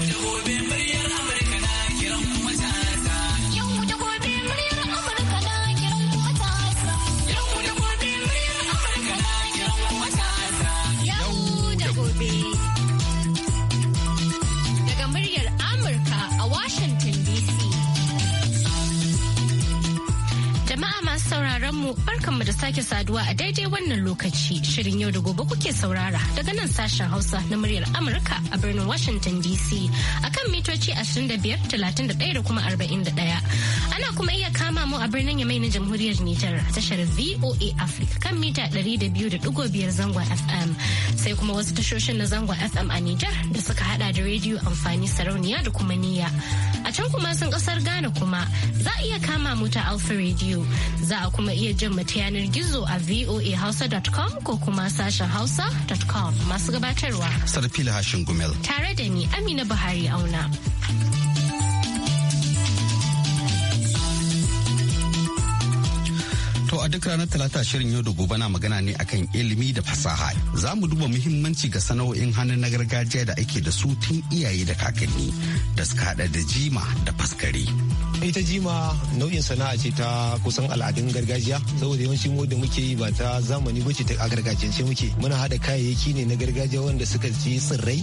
You. sake saduwa a daidai wannan lokaci shirin yau da gobe kuke saurara daga nan sashen Hausa na muryar Amurka a birnin Washington DC akan mitoci 25, 31 da kuma 41. Ana kuma iya kama mu a birnin Yamai na Jamhuriyar Nijar tashar VOA Africa kan mita 200.5 zangon FM. sai kuma wasu tashoshin na zangon FM a Nijar da suka hada da rediyo amfani sarauniya da kuma niyya. A can kuma sun kasar Ghana kuma za a iya kama mu Alfa rediyo Za a kuma iya jin ta yanar gizo a voahausa.com ko kuma sashen hausa.com masu gabatarwa. Sarfila Hashin Gumel. Tare da ni Amina Buhari Auna. duk ranar talata shirin yau da gobe na magana ne akan ilimi da fasaha. Za mu duba muhimmanci ga sana'o'in hannu na gargajiya da ake da su tun iyaye da kakanni da suka hada da jima da faskari. ita jima nau'in sana'a ce ta kusan al'adun gargajiya saboda yawanci mu da muke yi ba ta zamani ba ce ta a gargajiyance muke muna hada kayayyaki ne na gargajiya wanda suka ci tsirrai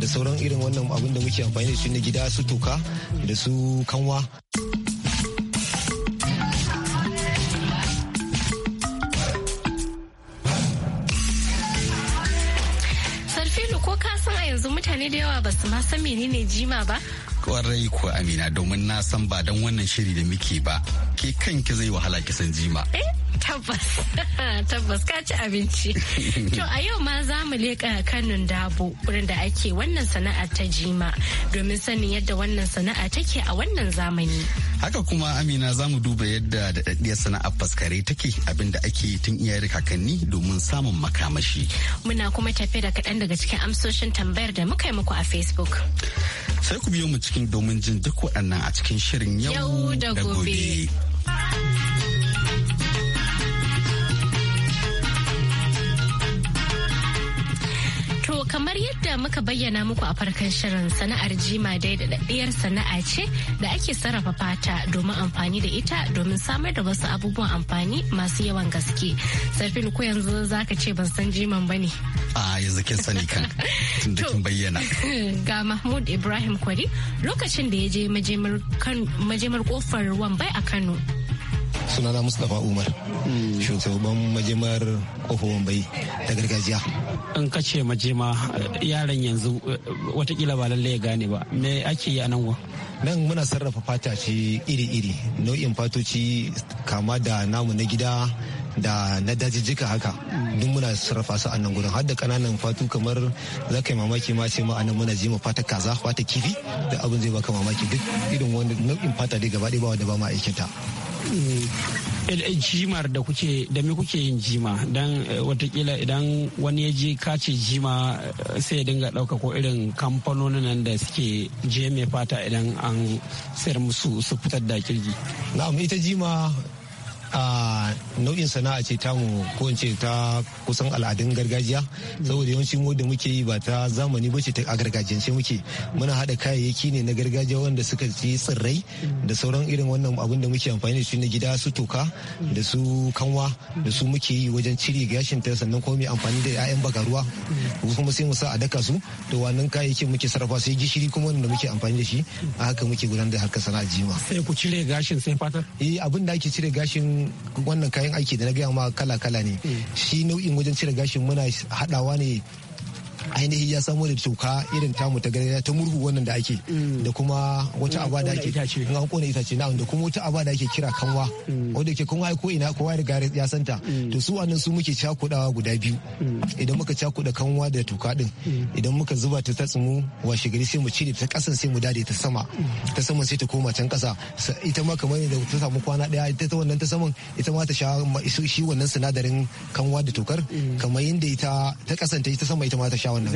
da sauran irin wannan abin da muke amfani da shi na gida su toka da su kanwa. yanzu mutane da yawa ba su ma san menene jima ba kwarai ko amina domin na san ba don wannan shiri da muke ba ke kanki zai wahala ki san jima eh tabbas tabbas ka ci abinci to a yau ma za mu leƙa kanun dabo wurin da ake wannan sana'a ta jima domin sanin yadda wannan sana'a take a wannan zamani haka kuma amina za mu duba yadda daɗaɗɗiyar sana'ar faskare take abinda ake tun iyayen kakanni domin samun makamashi muna kuma tafe da kaɗan daga cikin amsoshin tambayar da muka yi muku a facebook sai ku biyo mu cikin domin jin duk waɗannan a cikin shirin yau da gobe. yadda muka bayyana muku a farkon shirin sana'ar jima dai da daɗaɗɗiyar sana'a ce da ake sarrafa fata domin amfani da ita domin samar da wasu abubuwan amfani masu yawan gaske. Sarfin ko yanzu zaka ce ban san jiman ba ne. A yanzu kin sani kan tun bayyana. Ga Mahmud Ibrahim Kwari lokacin da ya je majimar kofar Wambai a Kano. sunana mustapha umar hmm. shugaban majimar kofar wambai ta gargajiya an kace majima yaran yanzu watakila ba lallai ya gane ba me ake yi a nan wa nan muna sarrafa fata ce iri-iri nau'in fatoci kama da namu na gida da na dajijjika haka hmm. duk muna sarrafa su a nan gudun. har da kananan fatu kamar za ka yi mamaki ma ce ma'ana muna jima fata kaza fata kifi da abin zai baka mamaki duk irin wani nau'in fata dai gaba ɗaya ba wanda ba ma aikinta jimar da kuke da me kuke yin jima dan eh, watakila idan wani ya je kace jima eh, sai ya dinga dauka ko irin kamfanonin nan da suke je mai fata idan an sayar musu su fitar da kirji na'am ita jima nau'in sana'a ce mu ko in ce ta kusan al'adun gargajiya saboda yawanci mu da muke yi ba ta zamani ba ce ta a gargajiyance muke muna haɗa kayayyaki ne na gargajiya wanda suka ci tsirrai da sauran irin wannan abin da muke amfani da shi na gida su toka da su kanwa da su muke yi wajen cire gashin ta sannan kuma mai amfani da 'ya'yan bagaruwa kuma sai mu sa a daka su to wannan kayayyakin muke sarrafa sai gishiri kuma wanda muke amfani da shi a haka muke gudanar da harkar sana'a jima sai ku cire gashin sai fatar eh abin da ake cire gashin wannan kayan aiki da na gaya ma kala-kala ne hmm. shi nau'in wajen cire gashin muna haɗawa ne ainihi ya samo da toka irin tamu ta gari ta murhu wannan da ake mm. da kuma wata aba da ake kuma an kona itace na da kuma wata aba da ake kira kanwa mm. wanda ke kuma ai ko ina kowa riga ya santa mm. to su wannan su muke cakudawa guda biyu idan muka cakuda kanwa da toka din idan muka zuba ta ta tsumu washe gari sai mu cire ta kasan sai mu dade ta sama ta sama sai ta koma can kasa ita ma kamar da ta samu kwana daya ita ta wannan ta saman ita ma ta sha shi wannan sinadarin kanwa da tokar kamar yadda ita ta kasanta ita sama ita ma ta sha wannan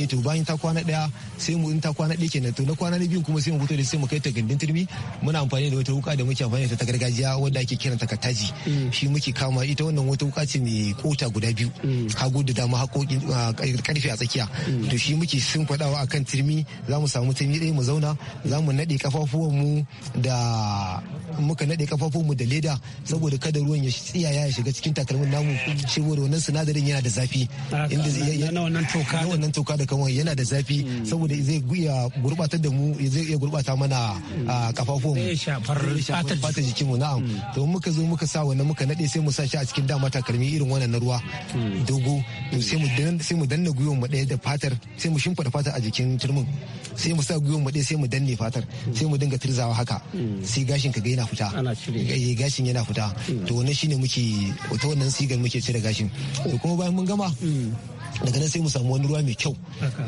eh to bayan ta kwana daya sai mu in ta kwana daya kenan to na kwana na biyu kuma sai mu fito da sai mu kai ta gindin turmi muna amfani da wata wuka da muke amfani da ta gargajiya wanda ake kiranta taji mm. shi muke kama ita wannan wata wuka ce mai kota guda biyu mm. hagu da dama hakokin karfe ah, a tsakiya mm. to shi muke sun fadawa akan turmi za mu samu turmi ɗaya mu zauna za mu naɗe kafafuwan mu da muka naɗe kafafun mu da leda saboda kada ruwan ya tsiyaya ya shiga cikin takalmin namu saboda wannan sinadarin yana da zafi inda na wannan toka wannan toka da kawai yana da zafi saboda zai iya gurbatar da mu zai iya gurbata mana kafafuwan mu shafar fata jikin mu na'am hmm. to muka zo muka sa wannan muka nade sai mu sa shi a cikin dama takalmi irin wannan na ruwa hmm. dogo hmm. sai mu sai mu danna guyon mu ɗaya da fatar sai mu shimfa fatar a jikin turmin sai mu sa guyon mu ɗaya sai mu danne fatar sai mu dinga turzawa haka sai gashin ka ga yana fita eh, eh, gashin yana fita to wannan shine muke ta wannan sigar muke cire gashin to kuma bayan mun gama daga nan sai mu samu wani ruwa mai kyau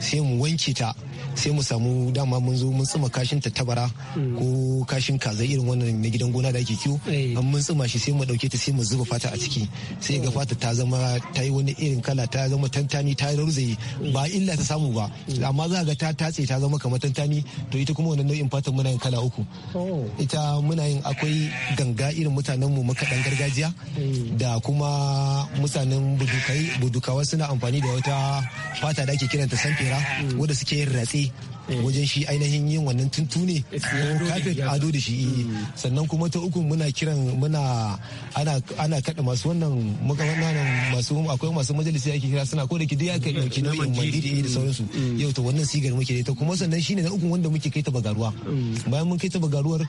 sai mu wanke ta sai mu samu dama mun zo mun tsuma kashin ta tabara mm. ko kashin kaza irin wannan na gidan gona da ake kiwo eh. an mun tsuma shi sai mu dauke ta sai mu zuba fata a ciki sai ga fata ta zama ta yi wani irin kala ta zama tantani ta rauzaye ba illa ta samu ba mm. amma za ga ta tatse ta zama kamar tantani to ita kuma wannan nau'in fatan muna yin kala uku oh. ita muna yin akwai ganga irin mutanen mu makaɗan gargajiya eh. da kuma mutanen budukai budukawa suna amfani da wata fata da ake kiranta samfera mm. wanda suke yin ratse Eh. wajen shi ainihin yin wannan tuntune a ado da shi eh. hmm. sannan kuma ta uku muna kiran muna ana kada masu wannan muka wannan masu akwai masu majalisi ake kira suna ko da ki dai aka dauki nau'in mandiri da hmm. sauransu hmm. yau to wannan sigar muke da ita kuma sannan shine na uku wanda muke kai ta bagaruwa bayan mun kai ta bagaruwar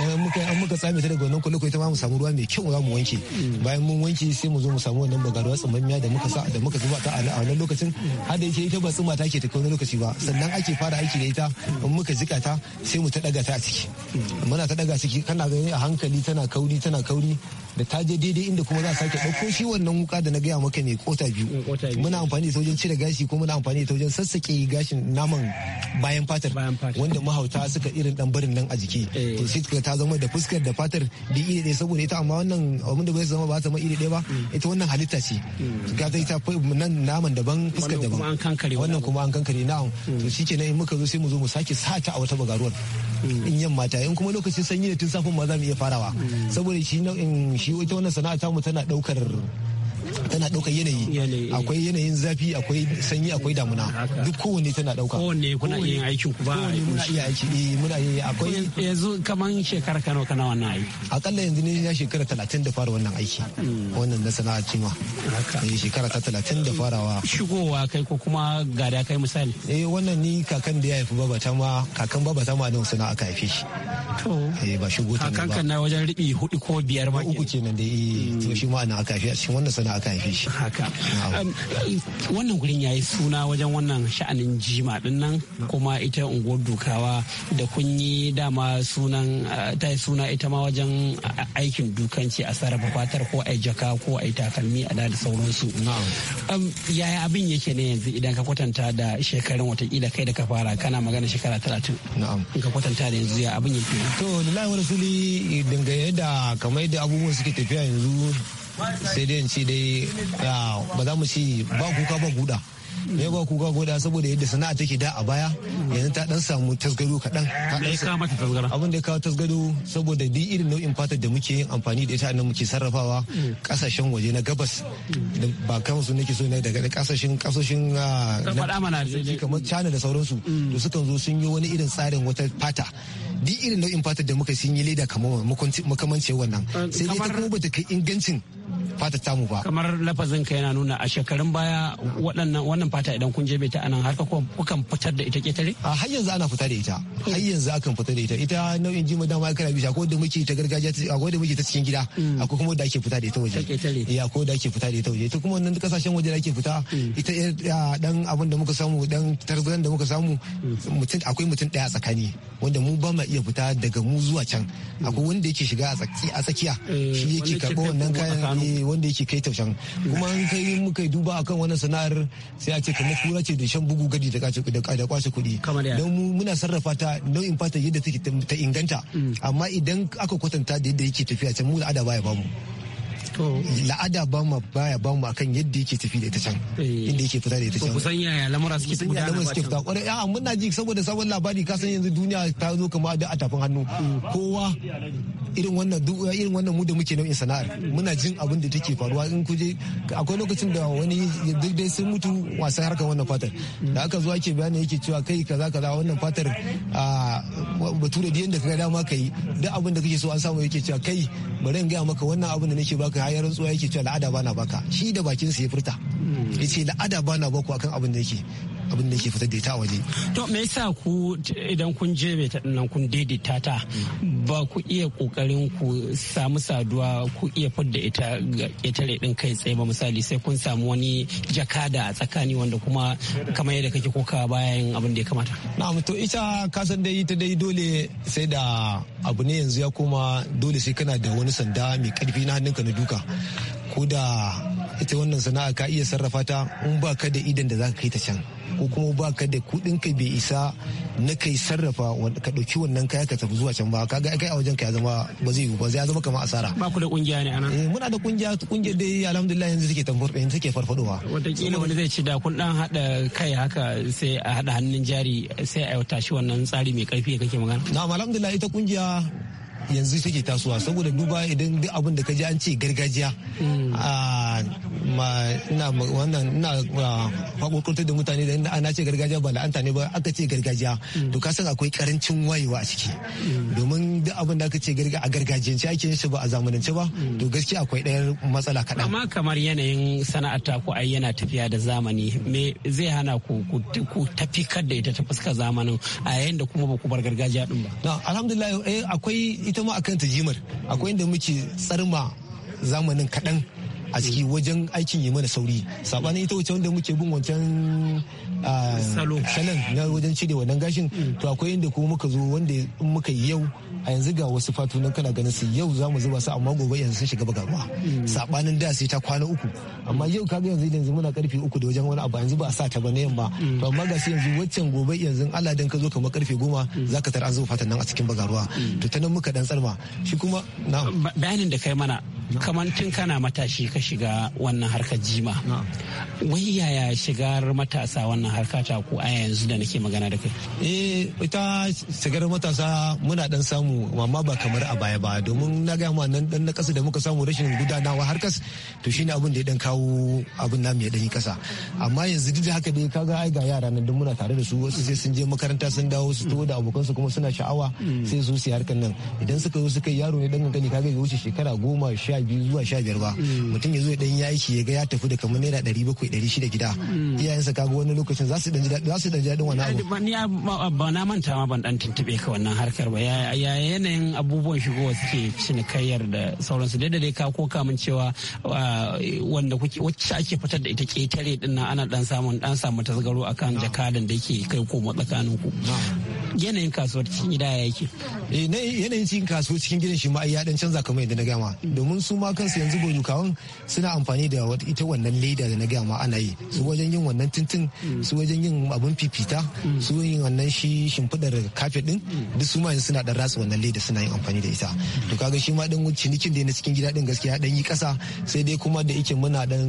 eh, muka an muka tsame ta daga wannan kullu ko ita ma mu samu ruwa mai kyau za mu wanke bayan mun wanke sai mu zo mu samu wannan bagaruwa tsummamiya da muka sa da muka zuba ta a wannan lokacin har da yake ita ba tsumma take ta kai wani lokaci ba sannan ake fara aiki da ita in muka zika ta sai mu ta daga ta a ciki muna ta daga ciki kana gani a hankali tana kauri tana kauri da ta je daidai inda kuma za a sake ɗauko shi wannan wuka da na gaya maka ne kota mm, biyu muna amfani da wajen cire gashi kuma muna amfani da wajen sassake gashin naman bayan fatar wanda mahauta suka irin dan barin nan a jiki eh. to sai ta zama da fuskar da fatar da iri ɗaya saboda ita amma wannan abin da bai zama ba ta zama iri ɗaya ba mm. ita wannan halitta ce mm. ga ta ita nan naman daban fuskar daban wannan kuma an kankare na'am to shikenan in muka zo zo sai mu zo mu sake sata a wata bagaruwar hmm. in yamma ta in kuma lokacin sanyi da tun safin ma za mu iya farawa hmm. saboda shi ita wannan sana'a ta mu tana daukar tana ɗaukar yanayi akwai yanayin zafi akwai sanyi akwai damuna duk kowanne tana ɗauka kowanne kuna iya aikin ku ba kowanne muna iya aiki eh muna iya akwai yanzu kaman shekara kano kana wannan aiki akalla yanzu ne ya shekara talatin da fara wannan aiki hmm. wannan na sana'a cima eh, shekara ta talatin da farawa shigowa kai ko kuma gada kai misali eh wannan ni kakan da ya haifi ta ma kakan ta ma nan sana'a ka haife shi to eh ba shigo ta ba kakan na wajen ribi hudu ko biyar ma uku kenan da eh to shi ma ana aka haife a cikin wannan sana'a aka shi haka um, wannan gurin yi suna wajen wannan sha'anin jima din nan kuma ita unguwar dukawa da kun yi dama sunan uh, ta yi suna ita ma wajen aikin dukanci a sarrafa fatar ko a jaka ko yi takalmi a da sauransu um, yaya abin yake ne yanzu idan ka kwatanta da shekarun watakila kai da ka fara kana magana shekara talatin na'am in ka kwatanta da yanzu ya abin yake to lillahi wa rasuli dangane da kamar yadda abubuwan suke tafiya yanzu sai dai in ce dai ba za mu ci ba kuka ba guda ne ba kuka guda saboda yadda sana'a take da a baya yanzu ta dan samu tasgaro kaɗan. Me ya mata tasgaro? Abin da ya kawo tasgaro saboda duk irin nau'in fatar da muke yin amfani da ita nan muke sarrafawa kasashen waje na gabas ba kan su nake so ne daga kasashen kasashen ah, kamar China da sauransu mm. to sukan zo sun yi wani irin tsarin wata fata duk irin nau'in fatar da muka sun yi leda kamar makamancin wannan eh, sai dai ta kuma bata kai ingancin fata tamu ba kamar lafazin ka yana nuna a shekarun baya waɗannan wannan fata idan kun jebe ta anan har kukan fitar da ita ketare a har yanzu ana fita da ita har yanzu akan fita da ita ita nau'in jima ma kana bisa ko da muke ta gargajiya a ko da muke ta cikin gida mm. akwai kuma da ake fita da ita waje ya ko da ake fita da ita waje ita kuma wannan kasashen waje da ake fita mm. ita dan abin da muka samu dan tarzan da muka samu mm. mutum akwai mutum daya tsakani wanda mu ba ma iya fita daga mu zuwa can akwai wanda yake shiga a tsakiya eh, shi yake karɓo wannan kayan eh wanda yake kai taushen kuma an kai muka duba akan wannan sana'ar sai a ce kamar kura ce da shan bugu gadi da kwashe kuɗi don muna sarrafa ta nau'in fata yadda take ta inganta mm. amma idan aka kwatanta da yadda yake tafiya can mu da ada baya bamu la'ada ba mu baya ba mu akan yadda yake tafi da ita can eh, inda yake fita da ita can kusan yaya lamura suke fita lamura suke fita kwarai a muna ji saboda sabon labari ka san yanzu duniya ta zo kamar da a tafin hannu kowa irin wannan irin wannan mu da muke nau'in sana'ar muna jin abin da take faruwa in kuje akwai lokacin da wani duk dai sun mutu wasan harkar wannan fatar da aka zo ake bayani yake cewa kai kaza kaza wannan fatar bature da yanda ka ga dama kai duk abin da kake so an samu yake cewa kai bari in gaya maka wannan abin da nake baka na rantsuwa yake cewa la'ada bana baka shi da bakin sa ya furta hmm. yace la'ada bana baku akan abin da yake abin da yake fitar da ita a waje to me yasa ku idan kun je mai ta nan kun daidaita ta ba ku iya kokarin ku samu saduwa ku iya fidda ita ga ƙetare din kai tsaye ba misali sai kun samu wani jakada a tsakani wanda kuma kamar yadda kake koka bayan abin da ya kamata na'am to ita kasan dai ta dai dole sai da abu ne yanzu ya koma dole sai kana da wani sanda mai karfi na hannunka na duka ayyuka ko da ita wannan sana'a ka iya sarrafa ta in ba ka da idan da za ka kai ta can ko kuma ba ka da kudin ka bai isa na kai sarrafa ka ɗauki wannan kaya ka tafi zuwa can ba ka ga kai a wajen ka ya zama ba zai yiwu ba zai zama kamar asara ba ku da kungiya ne anan eh muna da kungiya kungiya dai alhamdulillah yanzu take tambar yanzu take farfadowa wataƙila wani zai ci da kun dan hada kai haka sai a hada hannun jari sai a yauta shi wannan tsari mai karfi kake magana na alhamdulillah ita kungiya yanzu suke tasowa saboda duba idan duk abin da ka ji an ce gargajiya ina wannan ina fakokurta da mutane da inda ana ce gargajiya ba la'anta ne ba aka ce gargajiya to ka san akwai karancin wayewa a ciki domin duk abin da aka ce a gargajiyance ake yin shi ba a zamanance ba to gaskiya akwai ɗaya matsala kaɗan. amma kamar yanayin sana'ar ta ku ai yana tafiya da zamani me zai hana ku ku tafi da ita ta fuskar zamanin a yayin da kuma ba ku bar gargajiya din ba. alhamdulillah eh, akwai ita ma akan tajimar akwai inda muke tsarma zamanin kaɗan a ciki wajen aikin yi mana sauri saɓanin ita wacce wanda muke bin wancan salon na wajen cire wannan gashin to akwai inda kuma muka zo wanda in muka yi yau a yanzu ga wasu fatu nan kana ganin su yau za mu zuba su amma gobe yanzu sun shiga bagaruwa hmm. saɓanin da sai ta kwana uku amma yau kaga yanzu yanzu muna karfe uku da wajen wani abu yanzu ba a sa ta ba na yamma hmm. to amma ga yanzu waccan gobe yanzu Allah dan ka zo kamar karfe goma hmm. za ka tara an zuba fatan nan a cikin bagaruwa to ta nan muka dan tsarma shi kuma na. bayanin da kai mana kamar tun kana matashi ka shiga wannan harkar jima wai yaya shigar matasa wannan harka ta ku a yanzu da nake magana da kai eh ita shigar matasa muna dan samu amma ba kamar a baya ba domin na ga mu nan dan na kasa da muka samu rashin gudanawa harkas to shine abin da ya dan kawo abin namu ya dan yi kasa amma yanzu duk da haka dai kaga ai ga yara nan duk muna tare da su wasu sai sun je makaranta sun dawo su to da su kuma suna sha'awa mm. sai su su harkan nan idan suka zo suka yaro ne dan gani kaga ya wuce shekara goma sha sha biyu zuwa sha biyar ba mm. mutum ya zo ya dan yi aiki ya ga ya tafi da kamar naira ɗari bakwai ɗari shida gida mm. iyayensa kaga wani lokacin za su dan jira daɗin wani abu. ba na manta ma ban dan tuntube ka wannan harkar ba ya yanayin abubuwan shigowa suke cinikayyar da sauransu da dai ka ko kamun cewa ah, wanda kuke wacce ake fitar da ita ketare din nan ana dan samun dan samu tasgaro akan jakadan da yake kai mu tsakanin ku yanayin kasuwar cikin gida ya yake eh, yanayin cikin kasuwar cikin gidan shi ma ya dan canza kamar yadda na gama mm. domin su ma kansu yanzu boyukawan suna amfani da ita wannan leda da na gaya ma ana yi su wajen yin wannan tintin su wajen yin abun fifita su yin wannan shi shimfidar kafe din duk su ma yanzu suna dan rasa wannan leda suna yin amfani da ita to kaga shi ma dan cinikin da na cikin gida din gaskiya dan yi kasa sai dai kuma da yake muna dan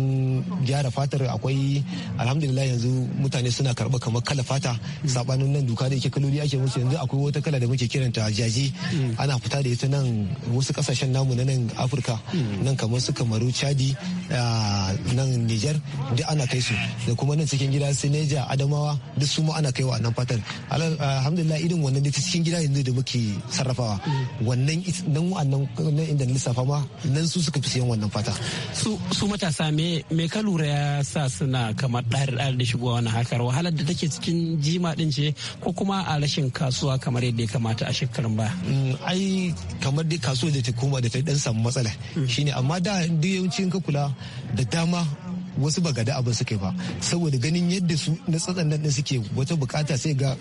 gyara fatar akwai alhamdulillah yanzu mutane suna karba kamar kala fata sabanin nan duka da yake kaloli ake musu yanzu akwai wata kala da muke kiranta jaje ana fita da ita nan wasu kasashen namu na nan afirka Hmm. nan kamar su kamaru chadi ah, nan niger duk ana kai su da kuma nan cikin gida su neja adamawa duk su ma ana kai wa nan fatan ah, alhamdulillah irin wannan da cikin gida yanzu da muke sarrafawa hmm. wannan nan wannan nan inda lissafa ma nan su suka fi siyan wannan fata su matasa me me ka lura ya sa suna kamar ɗar ɗar da shigowa wani hakar wahalar da take cikin jima din ce ko kuma a rashin kasuwa kamar yadda ya kamata a shekarun ba hmm, ai kamar dai kasuwa da ta koma da ta dan samu matsala shine amma da duk yawanci ka kula da dama wasu ba gada abin suke ba saboda ganin yadda su na tsatsan nan suke wata bukata sai ga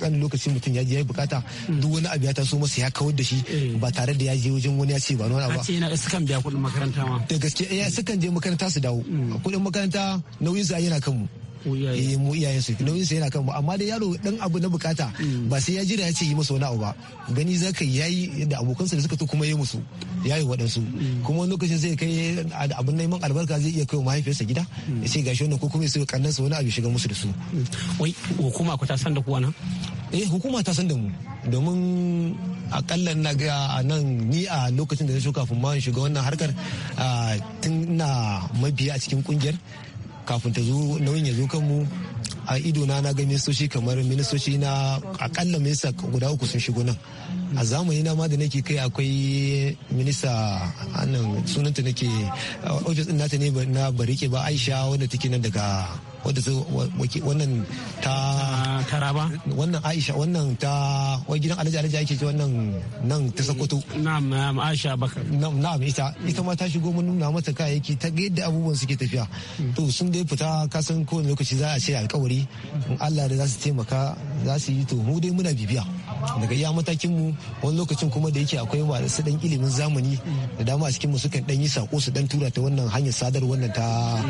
dan lokacin mutum ya je ya bukata duk wani abu ya taso masa ya kawar da shi eh. ba tare da ya je wajen wani ya ce ba wani ba ce yana sukan biya kuɗin makaranta ma da gaske ya eh, sukan je makaranta su dawo hmm. kuɗin makaranta nauyin su yana kanmu. mu iyaye su nauyin sa yana kan mu amma dai yaro dan abu na bukata mm. ba sai ya jira ya ce yi musu wani abu ba gani zaka yayi da abokansa da suka to kuma yi musu yayi waɗansu mm. kuma wani lokacin zai kai abun neman albarka zai iya kai wa mahaifiyarsa gida mm. ya ce gashi wannan ko kuma sai su wani abu shiga musu da su wai hukuma ku ta san da kuwa nan eh hukuma ta san da mu domin akalla na ga a nan ni a lokacin da na shuka kafin shiga wannan harkar tun na mabiya a cikin kungiyar kafin ta zo nauyin ya zo kanmu a idona na ga ministoci kamar ministoci na akalla minista guda uku sun shigo nan a zamani na ma da nake kai akwai minista anan sunanta nake uh, ofis din nata ne na barike ba aisha wanda take nan daga wadda wannan ta karkara ba wannan aisha wannan ta wai gidan alhaji alhaji ake ce wannan nan ta sokoto na'am na'am aisha bakar na'am ita ita ma ta shigo mun nuna mata kayayyaki ta ga yadda abubuwan suke tafiya to sun dai fita ka san kowane lokaci za a ce alƙawari. in Allah da za su taimaka za su yi to mu dai muna bibiya daga iya matakin mu wani lokacin kuma da yake akwai masu dan ilimin zamani da dama a cikin mu sukan dan yi sako su dan tura ta wannan hanyar sadar wannan ta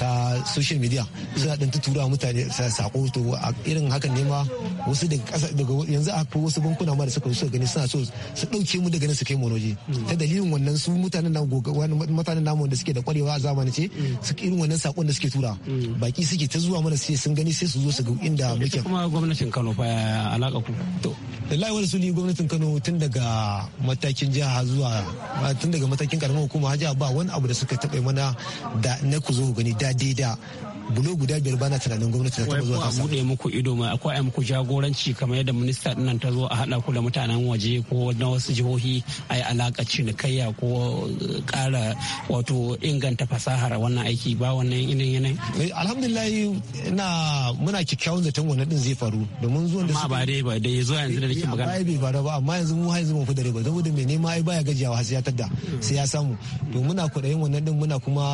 ta social media suna dan tura mutane sako to irin hakan ne ma wasu daga kasa daga yanzu akwai wasu bankuna ma da suka so gani suna so su dauke mu daga nan su kai mu waje ta dalilin wannan su mutanen nan mutanen namu da suke da kwarewa a zamanin ce su irin wannan sakon da suke tura baki suke ta zuwa mana sai sun gani sai su zo su ga inda muke kuma gwamnatin Kano fa alaka ku to lallai wani suni gwamnatin Kano tun daga matakin jiha zuwa tun daga matakin karamar hukuma haja ba wani abu da suka taɓa mana da na ku zo gani da daida bulo guda biyar bana tunanin gwamnati ta taɓa zuwa kasa. Wai muku ido ma akwai a muku jagoranci kamar yadda minista nan ta zo a haɗa ku da mutanen waje ko na wasu jihohi a yi alaƙa cinikayya ko eh, ƙara wato inganta fasahar wannan aiki ba wannan irin yanayi. Eh, alhamdulillah ina muna kyakkyawan zaton wannan din zai faru domin zuwan da su. Amma ba dai ba dai zuwa yanzu da nake eh, magana. Ba bai faru ba amma yanzu mu har yanzu mun fi da ba saboda mai nema ai baya gajiyawa har sai ya tadda sai ya samu. To muna yin wannan din muna kuma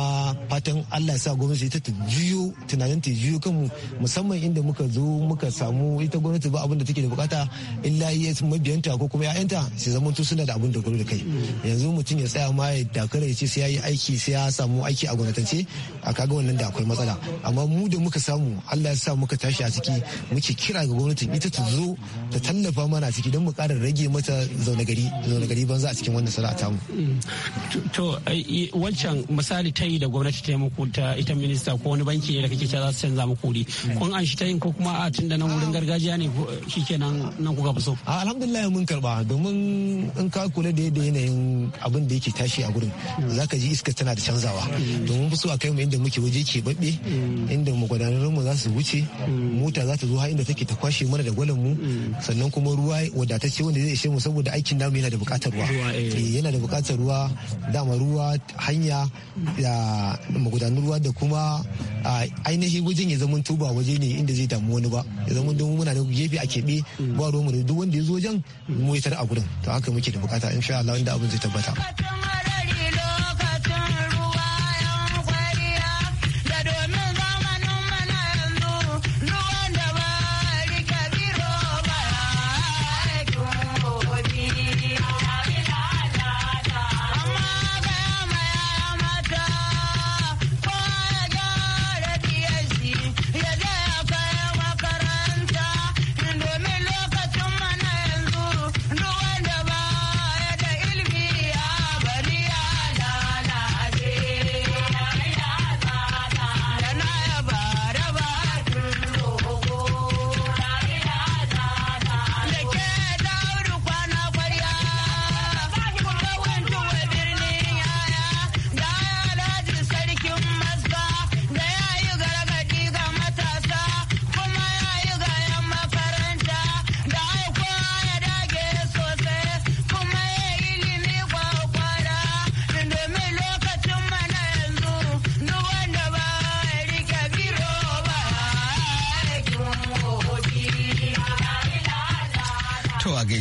fatan Allah ya sa gwamnati ta juyo tunanin ta juyo kanmu musamman inda muka zo muka samu ita gwamnati ba abin da take da bukata illa ya mabiyanta ko kuma ya'yanta su zama to suna da abin da gwamnati kai yanzu mutum ya tsaya ma ya dakara ya ce sai ya yi aiki sai ya samu aiki a gwamnatance a kaga wannan da akwai matsala amma mu da muka samu Allah ya sa muka tashi a ciki muke kira ga gwamnatin ita ta zo ta tallafa mana ciki don mu kara rage mata zaune gari zaune gari banza a cikin wannan sana'a mu. to wancan misali ta yi da gwamnati ta yi muku ta ita minista ko wani banki ne da kake za su canza muku kuɗi hmm. kun an shi ta yin ko kuma a tun da nan wurin ah. gargajiya ne ke nan kuka fi so alhamdulillah mun karba domin in ka kula da yadda yanayin abin da yake tashi a gurin hmm. ka ji iska tana da canzawa hmm. domin fi so a kai mu inda muke waje ke babbe inda magudanar mu za su wuce mota za ta zo har inda take ta kwashe mana da gwalan mu sannan kuma ruwa wadatacce wanda zai ishe mu saboda aikin namu yana da bukatar ruwa eh. Eh, yana da bukatar ruwa dama ruwa hanya da magudanar ruwa da kuma ah, ainihin wajen ya zama tuba waje ne inda zai damu wani ba ya zama don muna da gefe a keɓe ba mu da duk wanda ya zo wajen mu ya tar a gurin to haka muke da bukata insha Allah inda abin zai tabbata.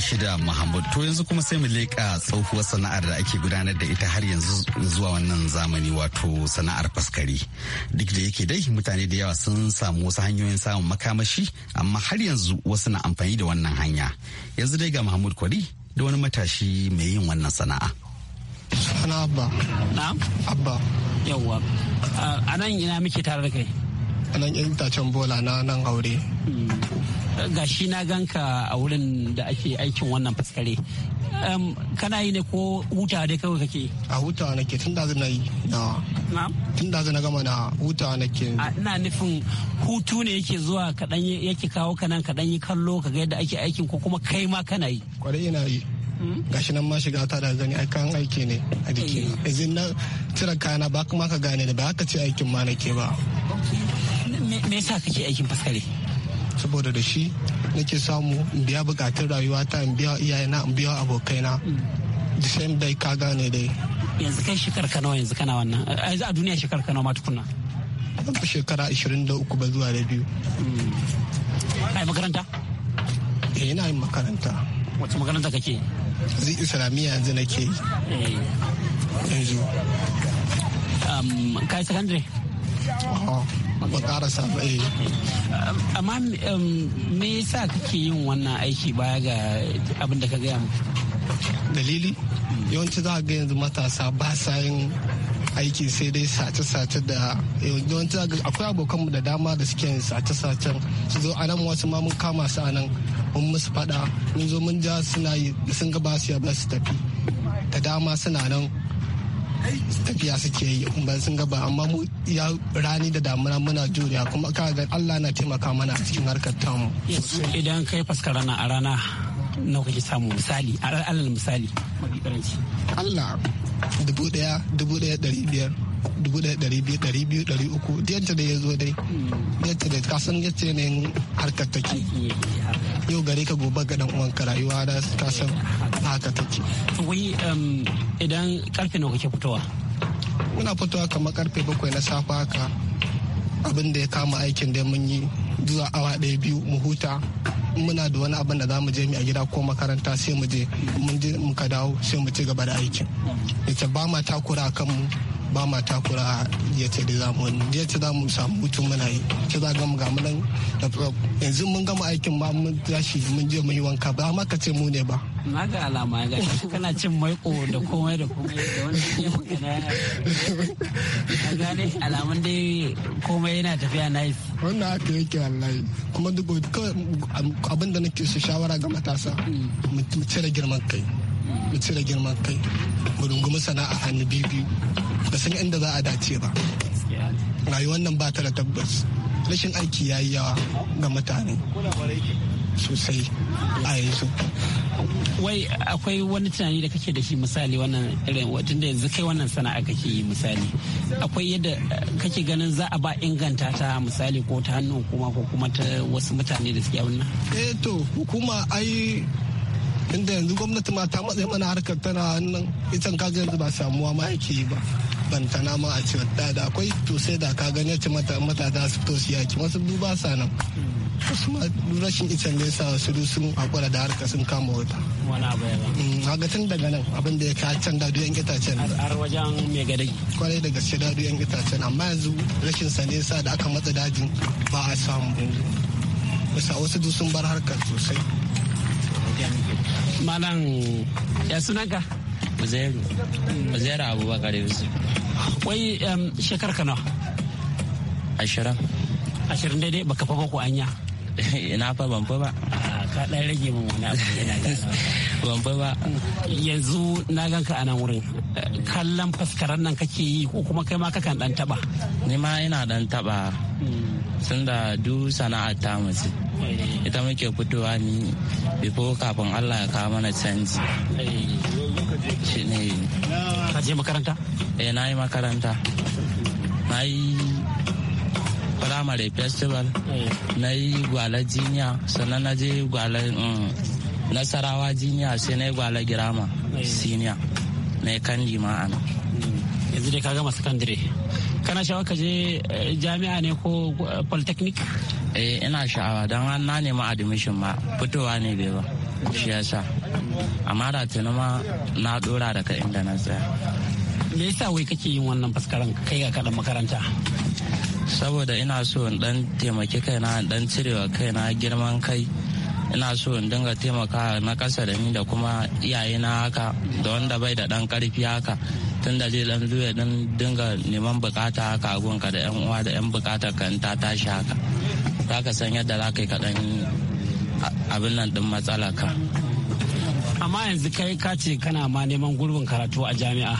Shida Muhammad to yanzu kuma sai mu leƙa tsohuwar sana'ar da ake gudanar da ita har yanzu zuwa wannan zamani wato sana'ar faskari. Duk da yake dai mutane da yawa sun samu wasu hanyoyin samun makamashi amma har yanzu wasu na amfani da wannan hanya. Yanzu dai ga Muhammad Kwari da wani matashi mai yin wannan sana'a. Sana Abba. Na'am? Abba. Yawwa. A nan ina muke tare da kai. nan yan itacen bola na nan aure shi na ganka a wurin da ake aikin wannan faskare kana yi ne ko huta dai kawai kake a huta nake tun da na yi na tun da na gama na huta nake ina nufin hutu ne yake zuwa kadan yake kawo kanan kadan yi kallo ka ga yadda ake aikin ko kuma kai ma kana yi kwarai ina yi hmm? gashi nan ma shiga ta da gani ai kan aiki ne a jiki izin eh. na cire kayana ba kuma ka gane da ba haka ce aikin ma nake ba me yasa kake aikin faskare saboda da shi nake samu in biya bukatun rayuwa ta in biya iyayena in biya abokaina the same day ka gane dai yanzu kai shekar ka nawa yanzu kana wannan yanzu a duniya shekar ka nawa ma tukunna shekara 23 ba zuwa da biyu ai makaranta eh ina yin makaranta wace makaranta kake zi islamiyya yanzu nake eh. yanzu um, kai secondary ba karasa ba eh. amma me yasa kake yin wannan aiki baya ga abin da ka gaya mu dalili yawanci za a ga yanzu matasa ba sa yin aiki sai dai sace-sace da yawanci akwai abokanmu da dama da suke yin sace sace su zo a nan wasu ma mun kama su a nan mun musu fada mun zo mun ja suna yi sun ga ba su ya ba su tafi da dama suna nan tafiya suke yi ban sun gaba amma mu ya rani da damuna muna juriya kuma ga Allah na taimaka mana a cikin harkar tamu. Idan kai fuskar rana a rana na kake samu misali alal misali Allah dubu daya dubu daya dari biyar dubu daya dari biyu dari biyu dari uku ta da ya zo dai ta da kasan yace ne harkar take. yau gare ka gobe ga dan uwanka rayuwa da ka san haka take wai um, idan karfe nawa kake fitowa muna fitowa kamar karfe bakwai na safe haka abin da ya kama aikin da mun yi zuwa awa ɗaya biyu mu huta muna da wani abin da za mu je mu a gida ko makaranta sai mu je mun je ka dawo sai mu ci gaba da aikin ita ba ma takura kan mu ba ma takura yace da zamu yace za mu samu mutum muna yi ce za ga mu ga nan yanzu mun gama aikin ba mun tashi mun je mu yi wanka ba ma ka ce mu ne ba na ga alama ga kana cin maiko da komai da komai da wani gane alamun dai komai yana tafiya nice wannan haka yake wallahi kuma duk abin da nake so shawara ga matasa mu cire girman kai mu cire girman kai mu rungumi sana'a hannu biyu ba san inda za a dace ba rayuwar nan ba ta da tabbas rashin aiki ya yi yawa ga mutane sosai a yanzu wai akwai wani tunani da kake da shi misali wannan irin wajen da yanzu kai wannan sana'a kake yi misali akwai yadda kake ganin za a ba inganta ta misali ko ta hannun hukuma ko kuma ta wasu mutane da suke wannan eh to hukuma ai inda yanzu gwamnati ma ta matsayi mana harkar tana hannun itan kaga yanzu ba samuwa ma yake yi ba bantana ma a ce da akwai to sai da ka gani ce matata su fito su yaki wasu duba sa nan wasu ma rashin itan da yasa su sun hakura da harkar sun kama ya mm, haga tun daga nan abin da ya ka can da duyan itacen a wajen mai gadai kwarai da gaske da duyan itacen amma yanzu rashin sa ne yasa da aka matsa dajin ba a samu bisa wasu sun bar harkar sosai malam ya sunanka muzairu muzairu abubakar yusuf wai shekar ka nawa ashirin ashirin daidai baka fa ko anya na fa ban fa ba ah, ka dan rage min wani abu yana ban fa ba yanzu na gan ka a nan wurin kallon faskaran nan kake yi ko kuma kai ma kakan dan taba ni ma ina dan taba hmm. sun da du sana'a ta mace ita muke fitowa ni bifo kafin allah ya kawo mana canji shi ne ka je makaranta eh na yi makaranta na yi primary festival na yi gwala jiniya sannan na je gwala mm, nasarawa jiniya sai na yi gwala girama eh. senior na yi kan lima'ana mm. yanzu dai ka gama sakandare kana sha'awa ka je eh, jami'a ne ko eh, polytechnic eh ina sha'awa don na nema admission ma fitowa ne bai ba shi ya sa amma da tuni ma na dora daga inda na tsaya me yasa wai kake yin wannan faskaran kai ga kaɗan makaranta saboda ina so in dan taimaki kaina in dan cirewa kaina girman kai ina so in dinga taimaka na kasa da ni da kuma iyayena na haka da wanda bai da ɗan karfi haka tun da zai dan zuwa dan dinga neman bukata haka ka da yan uwa da yan bukata ka ta tashi haka za ka san yadda za ka yi kaɗan abin nan din matsala ka amma yanzu kai ka ce kana ma neman gurbin karatu a jami'a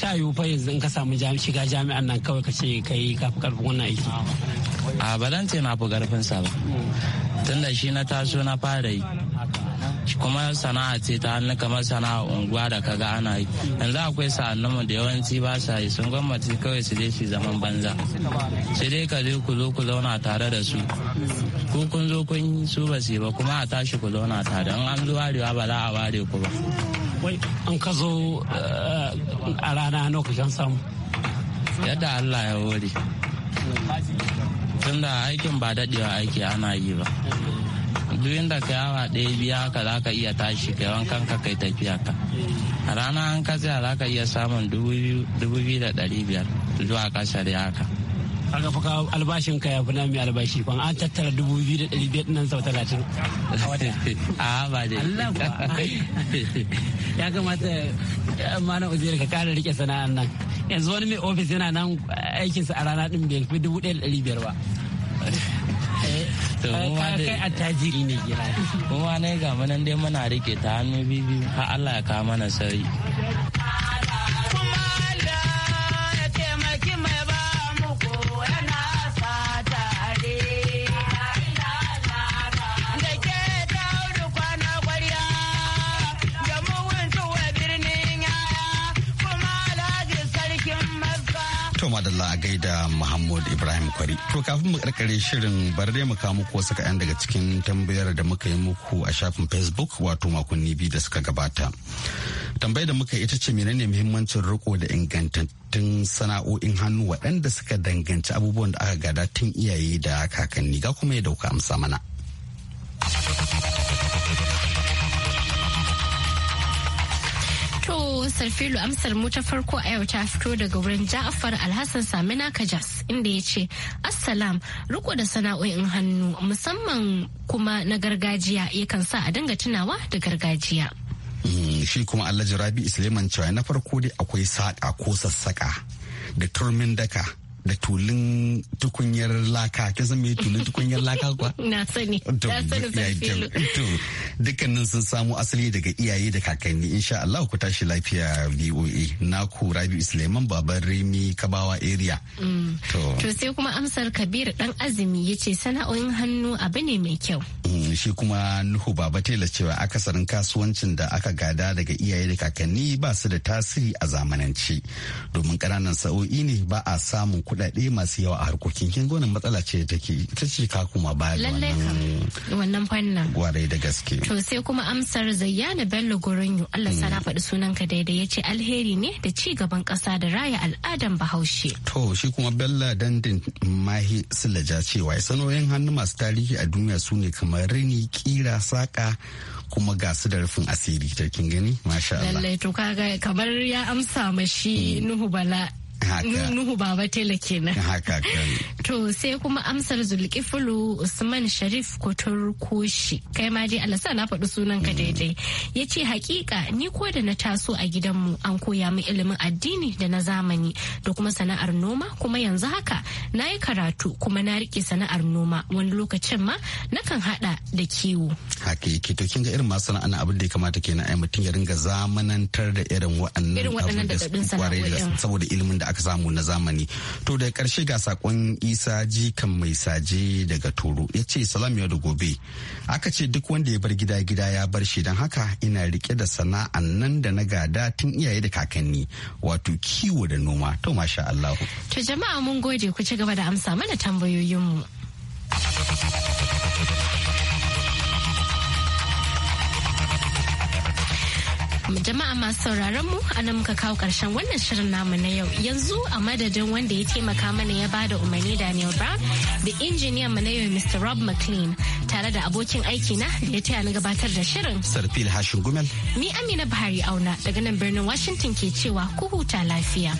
ta yiwu fa yanzu in ka samu shiga jami'an nan kawai ka ce kai yi kafi karfin wannan aiki a ba zan ce na fi karfin sa ba tun da shi na taso na fara yi kuma sana'a ce ta hannu kamar sana'a unguwa da kaga ana yi yanzu akwai mu da yawanci ba sa yi sun gwamnati kawai su je su zaman banza sai dai ka je ku zo ku zauna tare da su ku kun zo kun su ba su ba kuma a tashi ku zauna tare in an zo warewa ba za a ware ku ba. wai an ka zo eh, a rana ku kuke samu yadda Allah ya ware tunda aikin ba dadewa aiki ana yi ba duk inda ka yawa ɗaya biya ka za ka iya tashi kai wankan ka kai tafiya ka a rana an ka za ka iya samun dubu biyu da ɗari biyar zuwa ƙasa da haka kaga fa albashin ka ya fi nami albashi kwan an tattara dubu biyu da ɗari biyar nan sau talatin a a ba dai Allah ya kamata eh, malam uzair ka kara rike sana'an nan yanzu wani mai ofis yana nan eh, aikinsa a rana ɗin bai fi dubu ɗaya da ɗari biyar ba to kai attajiri ne ga manan dai muna rike ta hannu biyu har Allah ya kawo mana sauyi kwari. To kafin mu karkare shirin bar dai mu kawo muku wasu kayan daga cikin tambayar da muka yi muku a shafin Facebook wato makonni biyu da suka gabata. Tambayar da muka ita ce menene muhimmancin riko da ingantattun sana'o'in hannu waɗanda suka danganci abubuwan da aka gada tun iyaye da kakanni ga kuma ya dauka amsa mana. To Sarfilu amsar mu ta farko a yau ta fito daga wurin Ja'afar Alhassan Samina Kajas inda ya ce Assalam riko da sana'o'in hannu musamman kuma na gargajiya yakan sa a dinga tunawa da gargajiya. Mm, shi kuma Alhaji Rabi Isleman cewa na farko dai akwai saƙa ko sassaƙa da turmin daka da tulin tukunyar laka ka san me tulin tukunyar laka kuwa na sani na sani sarfilu to dukkanin sun samo asali daga iyaye da kakanni insha Allah ku tashi lafiya BOE na ku rabi Suleiman baban Remi Kabawa area mm. to sai kuma amsar Kabir dan Azumi ya ce sana'o'in hannu abu ne mai kyau mm, shi kuma Nuhu Baba Tela cewa akasarin kasuwancin da aka gada daga iyaye da kakanni ba su da tasiri a zamanance domin ƙananan sa'o'i ne ba a samun kuɗi kuɗaɗe masu yawa a harkokin kin gonan matsala ce da ke ita ce ka kuma baya wannan fannin gwarai da gaske to sai kuma amsar zayyana bello goronyo Allah sana mm. faɗi sunanka daidai ya ce alheri ne da ci gaban ƙasa da raya al'adan bahaushe to shi kuma bella dandin mahi silaja cewa sanoyin hannu masu tarihi a duniya su ne kamar rini kira saka kuma ga su da rufin asiri ta kin gani masha Allah lallai to kaga kamar ya amsa mashi mm. Nuhu Bala Nuhu Baba Tela kenan. Haka To sai kuma amsar zulki Zulkifulu Usman Sharif Kotor Koshi. Kai ma dai Allah sa na faɗi sunan ka daidai. Ya ce hakika ni ko da na taso a gidanmu an koya min ilimin addini da na zamani da kuma sana'ar noma kuma yanzu haka na yi karatu kuma na rike sana'ar noma wani lokacin ma na kan haɗa da kiwo. Haka yake to kin ga irin masu sana'an abin da ya kamata kenan ai mutum ya ringa zamanantar da irin waɗannan irin waɗannan da saboda ilimin da aka samu na zamani to da karshe ga sakon isa jikan mai saje daga toro ya ce salam yau da gobe aka ce duk wanda ya bar gida gida ya bar shi don haka ina rike da sana'a nan da na gada tun iyaye da kakanni wato kiwo da noma to masha Allah to jama'a mun gode ku ci gaba da amsa mana tambayoyinmu jama'a masu sauraron mu a nan muka kawo karshen wannan shirin namu na yau yanzu a madadin wanda ya taimaka mana ya ba da umarni daniel brown da injiniyan mu na yau mr rob mclean tare da abokin aiki na da ya taya ni gabatar da shirin sarfil hashin gumel ni amina buhari auna daga nan birnin washington ke cewa ku huta lafiya